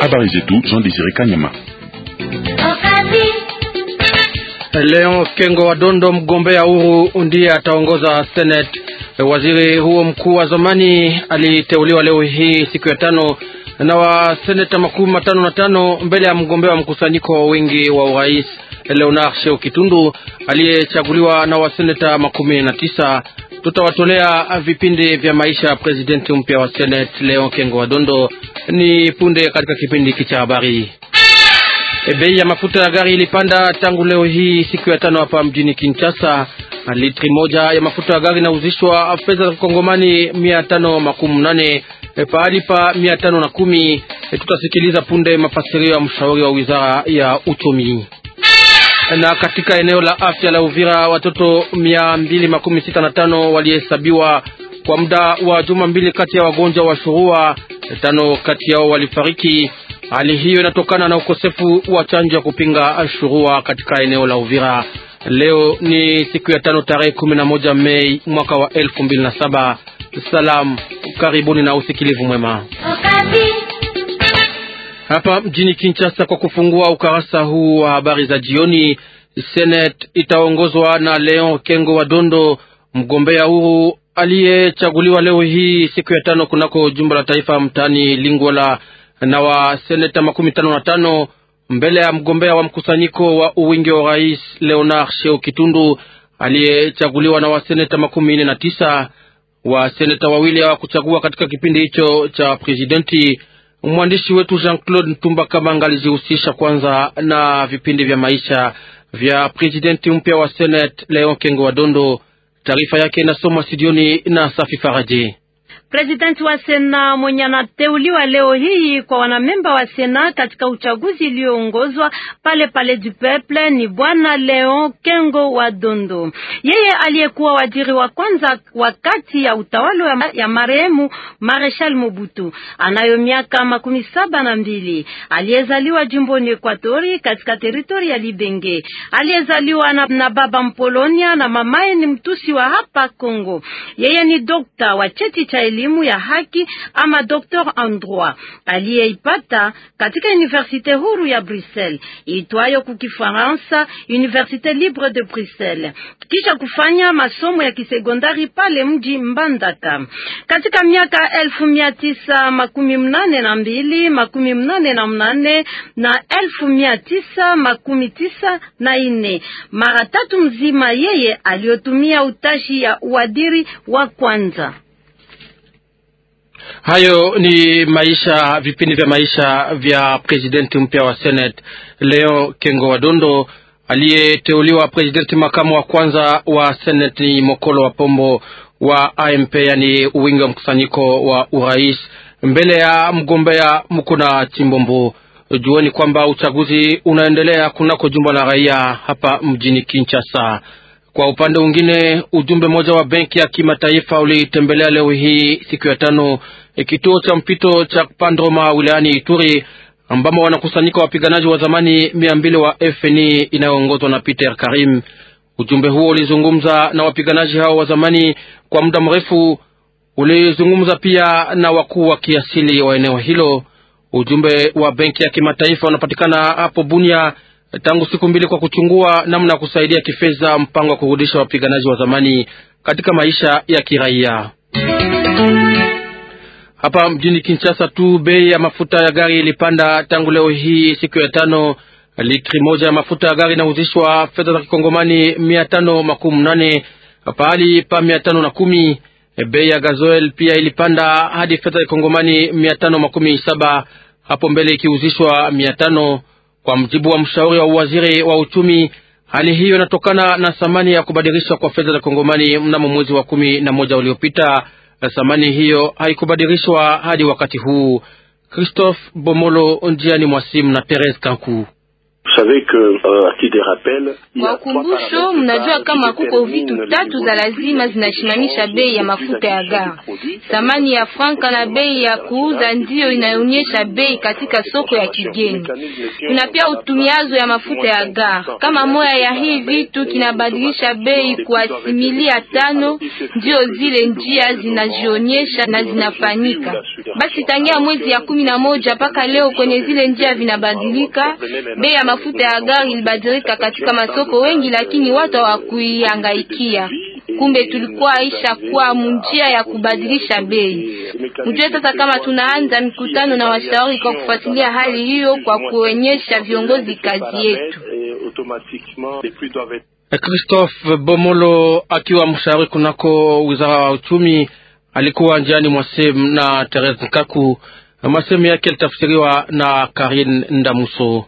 Habari zetu Jean Kanyama. Leon Kengo wa Dondo, mgombea huru, ndiye ataongoza Senate. Waziri huo mkuu wa zamani aliteuliwa leo hii siku ya tano na waseneta makumi matano na tano mbele ya mgombea wa mkusanyiko wa wingi wa urais Leonard Sheu Kitundu aliyechaguliwa na waseneta makumi na tisa tutawatolea vipindi vya maisha ya presidenti mpya wa Senate Leon Kengo Wadondo ni punde katika kipindi hiki cha habari. E, bei ya mafuta ya gari ilipanda tangu leo hii siku ya tano hapa mjini Kinshasa. Litri moja ya mafuta ya gari inauzishwa fedha za kongomani mia tano makumi nane e, pahali pa mia tano na kumi. E, tutasikiliza punde mafasirio ya mshauri wa wizara ya uchumi. Na katika eneo la afya la Uvira watoto mia mbili makumi sita na tano walihesabiwa kwa muda wa juma mbili, kati ya wagonjwa wa shurua tano kati yao walifariki. Hali hiyo inatokana na ukosefu wa chanjo ya kupinga shurua katika eneo la Uvira. Leo ni siku ya tano tarehe kumi na moja Mei mwaka wa elfu mbili na saba. Salam, karibuni na usikilivu mwema Okabi hapa mjini Kinshasa kwa kufungua ukarasa huu wa habari za jioni. Senate itaongozwa na Leon Kengo wa Dondo, mgombea huru aliyechaguliwa leo hii siku ya tano kunako jumba la taifa mtaani Lingwala na wa seneta makumi tano na tano mbele ya mgombea wa mkusanyiko wa uwingi wa rais Leonard Sheo Kitundu aliyechaguliwa na waseneta makumi nne na tisa. Waseneta wawili hawakuchagua katika kipindi hicho cha presidenti. Mwandishi wetu Jean-Claude Ntumba Kabanga alijihusisha kwanza na vipindi vya maisha vya presidenti mpya wa Senate Leon Kengo Wadondo. Taarifa yake inasoma studioni na Safi Faraji. Presidenti wa Sena mwenye anateuliwa leo hii kwa wanamemba wa Sena katika uchaguzi iliyoongozwa pale pale du Peuple ni bwana Leon Kengo wa Dondo. Yeye aliyekuwa waziri wa kwanza wakati ya utawala ya marehemu Marshal Mobutu, anayo miaka makumi saba na mbili. Aliyezaliwa jimboni Ekwatori katika teritori ya Libenge. Aliyezaliwa na, na baba Mpolonia na mamaye ni mtusi wa hapa Kongo. Yeye ni dokta wa cheti cha elimu elimu ya haki ama docteur en droit aliyeipata katika universite huru ya Bruxelles itwayo kukifaransa Universite Libre de Bruxelles, kisha kufanya masomo ya kisekondari pale mji Mbandaka katika miaka elfu mia tisa makumi mnane na mbili makumi mnane na mnane na elfu mia tisa makumi tisa na nne mara tatu mzima yeye aliyotumia utashi ya uadiri wa kwanza. Hayo ni maisha vipindi vya maisha vya presidenti mpya wa Senate leo. Kengo Wadondo aliyeteuliwa presidenti makamu wa kwanza wa Senate ni Mokolo wa Pombo wa AMP, yani uwingi wa mkusanyiko wa urais, mbele ya mgombea Mukuna Chimbombo. Jueni kwamba uchaguzi unaendelea kunako jumba la raia hapa mjini Kinshasa. Kwa upande mwingine, ujumbe mmoja wa benki ya kimataifa ulitembelea leo hii siku ya tano e, kituo cha mpito cha Pandroma wilayani Ituri ambamo wanakusanyika wapiganaji wa zamani mia mbili wa FNI inayoongozwa na Peter Karim. Ujumbe huo ulizungumza na wapiganaji hao wa zamani kwa muda mrefu, ulizungumza pia na wakuu wa kiasili wa eneo hilo. Ujumbe wa benki ya kimataifa unapatikana hapo Bunia tangu siku mbili kwa kuchungua namna ya kusaidia kifedha mpango wa kurudisha wapiganaji wa zamani katika maisha ya kiraia. Hapa mjini Kinshasa tu bei ya mafuta ya gari ilipanda tangu leo hii siku ya tano. Litri moja ya mafuta ya gari inauzishwa fedha za kikongomani mia tano makumi nane pahali pa mia tano na kumi. Bei ya gazoel pia ilipanda hadi fedha ya kikongomani mia tano makumi saba hapo mbele ikiuzishwa mia tano kwa mjibu wa mshauri wa waziri wa uchumi, hali hiyo inatokana na thamani ya kubadilishwa kwa fedha za kongomani mnamo mwezi wa kumi na moja uliopita. Thamani hiyo haikubadilishwa hadi wakati huu. Christophe Bomolo njiani mwasimu na Therese Kanku. Euh, Wakumbusho, mnajua kama kuko vitu tatu za lazima zinashimamisha bei ya mafuta ya gari. Thamani ya franka na bei ya kuuza ndiyo inaonyesha bei katika soko ya kigeni. Kuna pia utumiazo ya mafuta ya gari. Kama moya ya hii vitu kinabadilisha bei kwa similia tano, ndiyo zile njia zinajionyesha na zinafanyika. Basi tangia mwezi ya kumi na moja mpaka leo kwenye zile njia vinabadilika bei ya mafuta mafuta ya gari ilibadilika katika masoko wengi, lakini watu hawakuihangaikia. Kumbe tulikuwa aisha kuwa munjia ya kubadilisha bei. Mjue sasa kama tunaanza mikutano na washauri kwa kufuatilia hali hiyo, kwa kuonyesha viongozi kazi yetu. Christophe Bomolo akiwa mshauri kunako wizara wa uchumi alikuwa njiani mwasem na Therese Nkaku. Masemu yake yalitafsiriwa na Karine Ndamuso.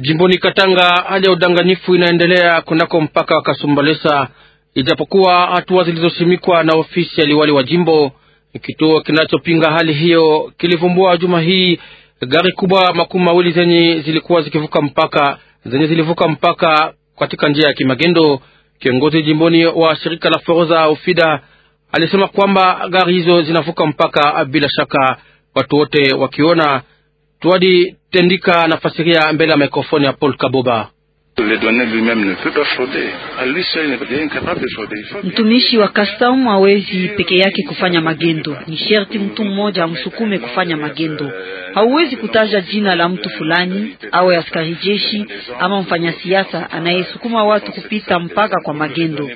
Jimboni Katanga, hali ya udanganyifu inaendelea kunako mpaka wa Kasumbalesa, ijapokuwa hatua zilizosimikwa na ofisi ya liwali wa jimbo. Kituo kinachopinga hali hiyo kilivumbua juma hii gari kubwa makumi mawili zenye zilikuwa zikivuka mpaka zenye zilivuka mpaka katika njia ya kimagendo. Kiongozi jimboni wa shirika la forodha Ufida alisema kwamba gari hizo zinavuka mpaka bila shaka, watu wote wakiona twadi tendika na fasiria mbele ya mikrofoni ya Paul Kaboba. Mtumishi wa kastam hawezi peke yake kufanya magendo, ni sherti mtu mmoja amsukume kufanya magendo. Hauwezi kutaja jina la mtu fulani awe askari jeshi ama mfanya siasa anayesukuma watu kupita mpaka kwa magendo.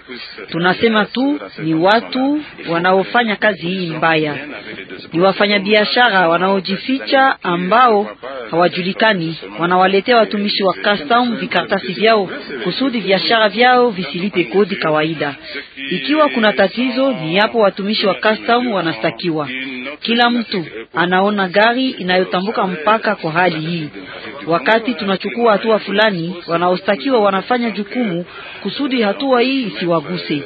Tunasema tu ni watu wanaofanya kazi hii mbaya, ni wafanyabiashara wanaojificha ambao hawajulikani, wanawaletea watumishi wa kastam vikartasi vibati vyao kusudi biashara vyao visilipe kodi kawaida. Ikiwa kuna tatizo, ni hapo watumishi wa custom wanastakiwa. Kila mtu anaona gari inayotambuka mpaka kwa hali hii. Wakati tunachukua hatua fulani, wanaostakiwa wanafanya jukumu kusudi hatua hii isiwaguse.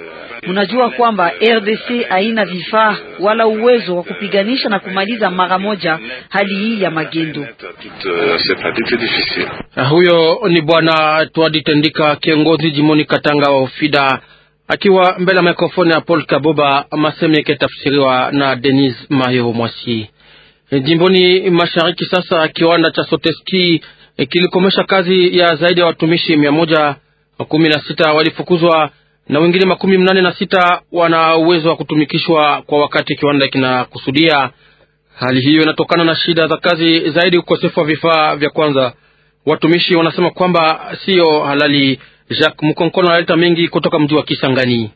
Munajua kwamba RDC haina vifaa wala uwezo wa kupiganisha na kumaliza mara moja hali hii ya magendo. Ah, huyo ni bwana Twadi Tendika, kiongozi jimoni Katanga wa Ofida, akiwa mbele ya mikrofoni ya Paul Kaboba, maseme yake tafsiriwa na Denis Mayo Mwasi. Jimboni mashariki sasa, kiwanda cha Soteski eh, kilikomesha kazi ya zaidi ya watumishi mia moja kumi na sita walifukuzwa na wengine makumi mnane na sita wana uwezo wa kutumikishwa kwa wakati kiwanda kinakusudia. Hali hiyo inatokana na shida za kazi, zaidi ukosefu wa vifaa vya kwanza. Watumishi wanasema kwamba siyo halali. Jacques mkonkono analeta mengi kutoka mji wa Kisangani.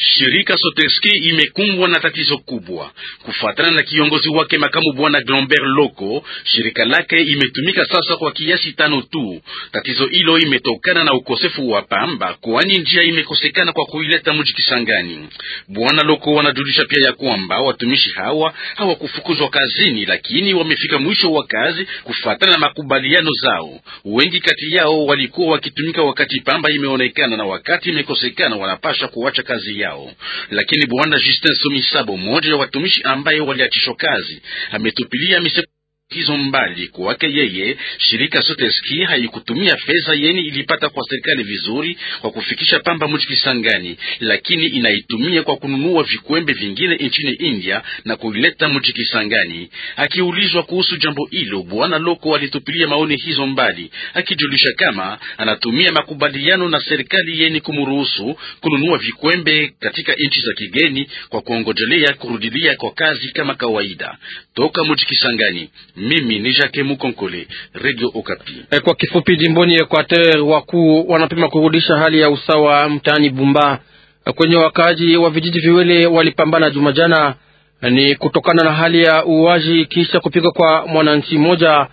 Shirika Soteske imekumbwa na tatizo kubwa. Kufuatana na kiongozi wake makamu bwana Glomber Loko, shirika lake imetumika sasa kwa kiasi tano tu. Tatizo hilo imetokana na ukosefu wa pamba, kwani njia imekosekana kwa kuileta mji Kisangani. Bwana Loko wanajulisha pia ya kwamba watumishi hawa hawakufukuzwa kazini, lakini wamefika mwisho wa kazi kufuatana na makubaliano zao. Wengi kati yao walikuwa wakitumika wakati pamba imeonekana na wakati imekosekana, wanapasha kuacha kazi yao yao. Lakini bwana Justin Somisabo, mmoja ya watumishi ambaye waliachishwa kazi, ametupilia miseko hizo mbali kwake yeye, shirika Soteski haikutumia fedha yeni ilipata kwa serikali vizuri kwa kufikisha pamba mji Kisangani, lakini inaitumia kwa kununua vikwembe vingine nchini India na kuileta mji Kisangani. Akiulizwa kuhusu jambo hilo, bwana Loko alitupilia maoni hizo mbali, akijulisha kama anatumia makubaliano na serikali yeni kumruhusu kununua vikwembe katika nchi za kigeni kwa kuongojelea kurudilia kwa kazi kama kawaida toka mji Kisangani. Mimi ni Jacques Mukonkole, Radio Okapi. E, kwa kifupi, jimboni Equateur wakuu wanapima kurudisha hali ya usawa mtaani Bumba e, kwenye wakaaji wa vijiji viwili walipambana Jumajana e, ni kutokana na hali ya uwaji kisha kupigwa kwa mwananchi mmoja.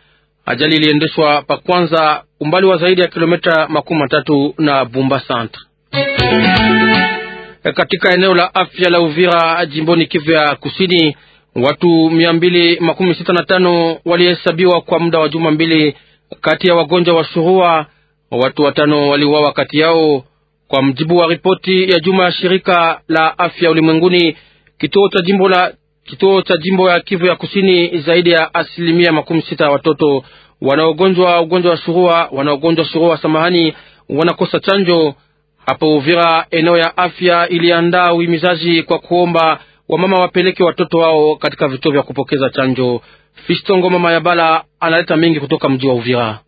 Ajali iliendeshwa pa kwanza umbali wa zaidi ya kilomita makumi matatu na Bumba Centre. Katika eneo la afya la Uvira jimboni Kivu ya Kusini Watu mia mbili makumi sita na tano walihesabiwa kwa muda wa juma mbili kati ya wagonjwa wa shurua. Watu watano waliuawa kati yao, kwa mjibu wa ripoti ya juma ya shirika la afya ulimwenguni. Kituo cha jimbo la kituo cha jimbo ya Kivu ya Kusini, zaidi ya asilimia makumi sita ya watoto wanaogonjwa ugonjwa wa shurua wanaogonjwa shurua, samahani, wanakosa chanjo. Hapo Uvira, eneo ya afya iliandaa uhimizaji kwa kuomba wamama wapeleke watoto wao katika vituo vya kupokeza chanjo. Fistongo mama ya Bala analeta mengi kutoka mji wa Uvira.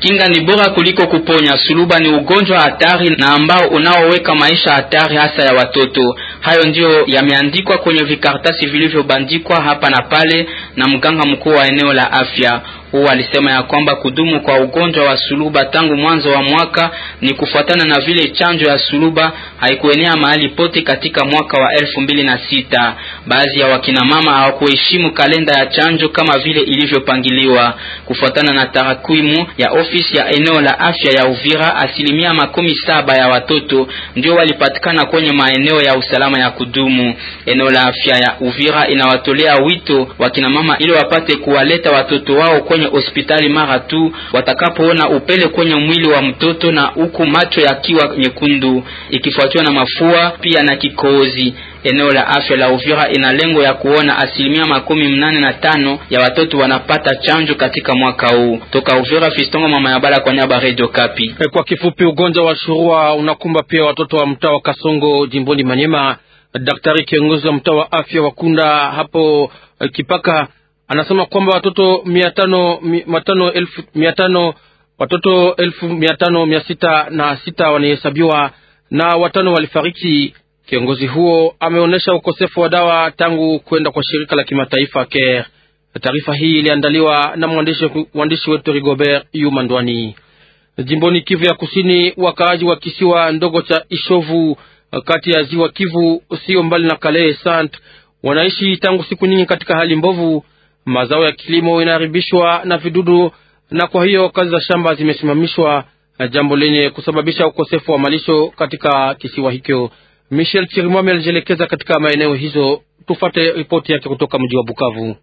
Kinga ni bora kuliko kuponya. Suluba ni ugonjwa hatari na ambao unaoweka maisha hatari, hasa ya watoto. Hayo ndiyo yameandikwa kwenye vikaratasi vilivyobandikwa hapa na pale na mganga mkuu wa eneo la afya huu alisema ya kwamba kudumu kwa ugonjwa wa suluba tangu mwanzo wa mwaka ni kufuatana na vile chanjo ya suluba haikuenea mahali pote katika mwaka wa elfu mbili na sita. Baadhi ya wakinamama hawakuheshimu kalenda ya chanjo kama vile ilivyopangiliwa. Kufuatana na tarakwimu ya ofisi ya eneo la afya ya Uvira, asilimia makumi saba ya watoto ndio walipatikana kwenye maeneo ya usalama ya kudumu. Eneo la afya ya Uvira inawatolea wito wakinamama ili wapate kuwaleta watoto wao kwenye kwenye hospitali mara tu watakapoona upele kwenye mwili wa mtoto na huku macho yakiwa nyekundu ikifuatiwa na mafua pia na kikohozi. Eneo la afya la Uvira ina lengo ya kuona asilimia makumi mnane na tano ya watoto wanapata chanjo katika mwaka huu. Toka Uvira, Fistongo mama ya kwa nyaba Radio Kapi. Eh, kwa kifupi, ugonjwa wa shurua unakumba pia watoto wa mtaa wa Kasongo jimboni Manyema. Daktari kiongozi wa mtaa wa afya wa Kunda hapo eh, Kipaka anasema kwamba watoto mia tano mia tano watoto elfu mia tano mia sita na sita wanahesabiwa na watano walifariki. Kiongozi huo ameonyesha ukosefu wa dawa tangu kwenda kwa shirika la kimataifa CARE. Taarifa hii iliandaliwa na mwandishi wetu Rigobert Yumandwani. Jimboni Kivu ya Kusini, wakaaji wa kisiwa ndogo cha Ishovu kati ya ziwa Kivu, sio mbali na Calais Sant, wanaishi tangu siku nyingi katika hali mbovu mazao ya kilimo inaharibishwa na vidudu, na kwa hiyo kazi za shamba zimesimamishwa, eh, jambo lenye kusababisha ukosefu wa malisho katika kisiwa hicho. Michel Chirimwami alijielekeza katika maeneo hizo. Tufate ripoti yake kutoka mji wa Bukavu.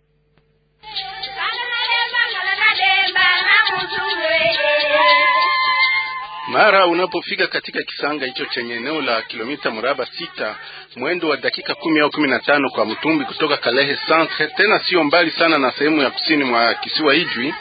Mara unapofika katika kisanga hicho chenye eneo la kilomita mraba sita, mwendo wa dakika kumi au kumi na tano kwa mtumbi kutoka Kalehe Centre, tena sio mbali sana na sehemu ya kusini mwa kisiwa Ijwi,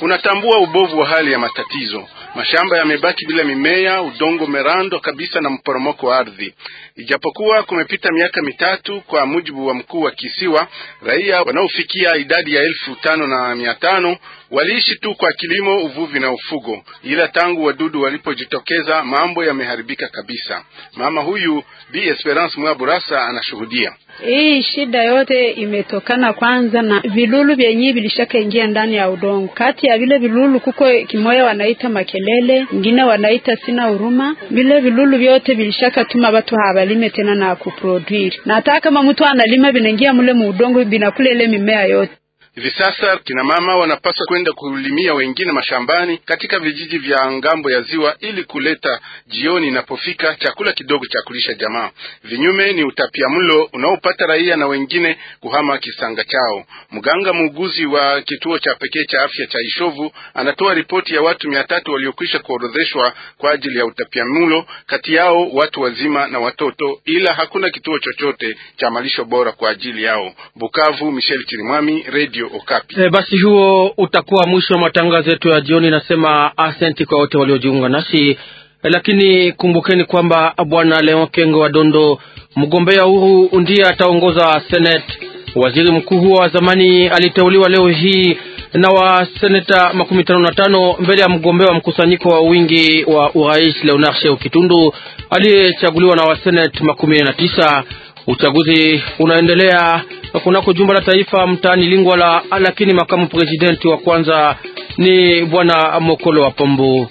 unatambua ubovu wa hali ya matatizo. Mashamba yamebaki bila mimea, udongo merando kabisa na mporomoko wa ardhi. Ijapokuwa kumepita miaka mitatu, kwa mujibu wa mkuu wa kisiwa, raia wanaofikia idadi ya elfu tano na mia tano waliishi tu kwa kilimo, uvuvi na ufugo, ila tangu wadudu walipojitokeza mambo yameharibika kabisa. Mama huyu Bi Esperance Mwaburasa anashuhudia hii shida yote imetokana kwanza na vilulu vyenyewe vilishakaingia ndani ya udongo. Kati ya vile vilulu kuko kimoya wanaita makelele, ingine wanaita sina huruma. Vile vilulu vyote vilishakatuma watu hawa alime tena na kuproduire, na hata kama mtu analima, vinaingia mule muudongo, binakula ile mimea yote. Hivi sasa kina mama wanapaswa kwenda kulimia wengine mashambani katika vijiji vya ngambo ya ziwa ili kuleta jioni inapofika chakula kidogo cha kulisha jamaa. Vinyume ni mlo unaopata raia na wengine kuhama kisanga chao. Mganga muuguzi wa kituo cha pekee cha afya cha Ishovu anatoa ripoti ya watu mia tatu waliokwisha kuorodheshwa kwa ajili ya mlo, kati yao watu wazima na watoto, ila hakuna kituo chochote cha malisho bora kwa ajili yao. Bukavu, Michel Chirimwami, Radio Radio Okapi. E, basi huo utakuwa mwisho wa matangazo yetu ya jioni. Nasema asenti kwa wote waliojiunga nasi, eh, lakini kumbukeni kwamba bwana Leon Kengo wa Dondo, mgombea huru, ndiye ataongoza Senate. Waziri mkuu huo wa zamani aliteuliwa leo hii na waseneta makumi tano na tano mbele ya mgombea wa mkusanyiko wa wingi wa urais Leonard Sheu Kitundu aliyechaguliwa na waseneta makumi na tisa. Uchaguzi unaendelea kunako jumba la taifa mtaani Lingwala, lakini makamu presidenti wa kwanza ni bwana Mokolo wa Pombo.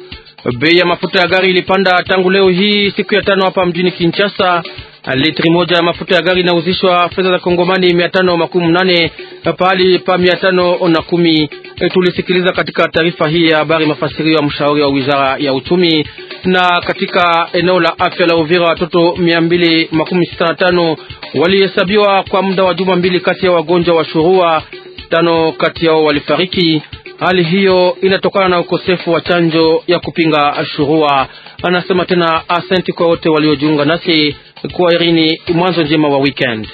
Bei ya mafuta ya gari ilipanda tangu leo hii siku ya tano hapa mjini Kinshasa. Litri moja ya mafuta ya gari inauzishwa fedha za Kongomani mia tano makumi nane pahali pa mia tano na kumi. E, tulisikiliza katika taarifa hii ya habari mafasirio ya mshauri wa wizara ya uchumi. Na katika eneo la afya la Uvira watoto mia mbili makumi sita na tano walihesabiwa kwa muda wa juma mbili kati ya wagonjwa wa shurua, tano kati yao walifariki. Hali hiyo inatokana na ukosefu wa chanjo ya kupinga shurua. Anasema tena asenti kwa wote waliojiunga nasi kwa Irini. Mwanzo njema wa weekend.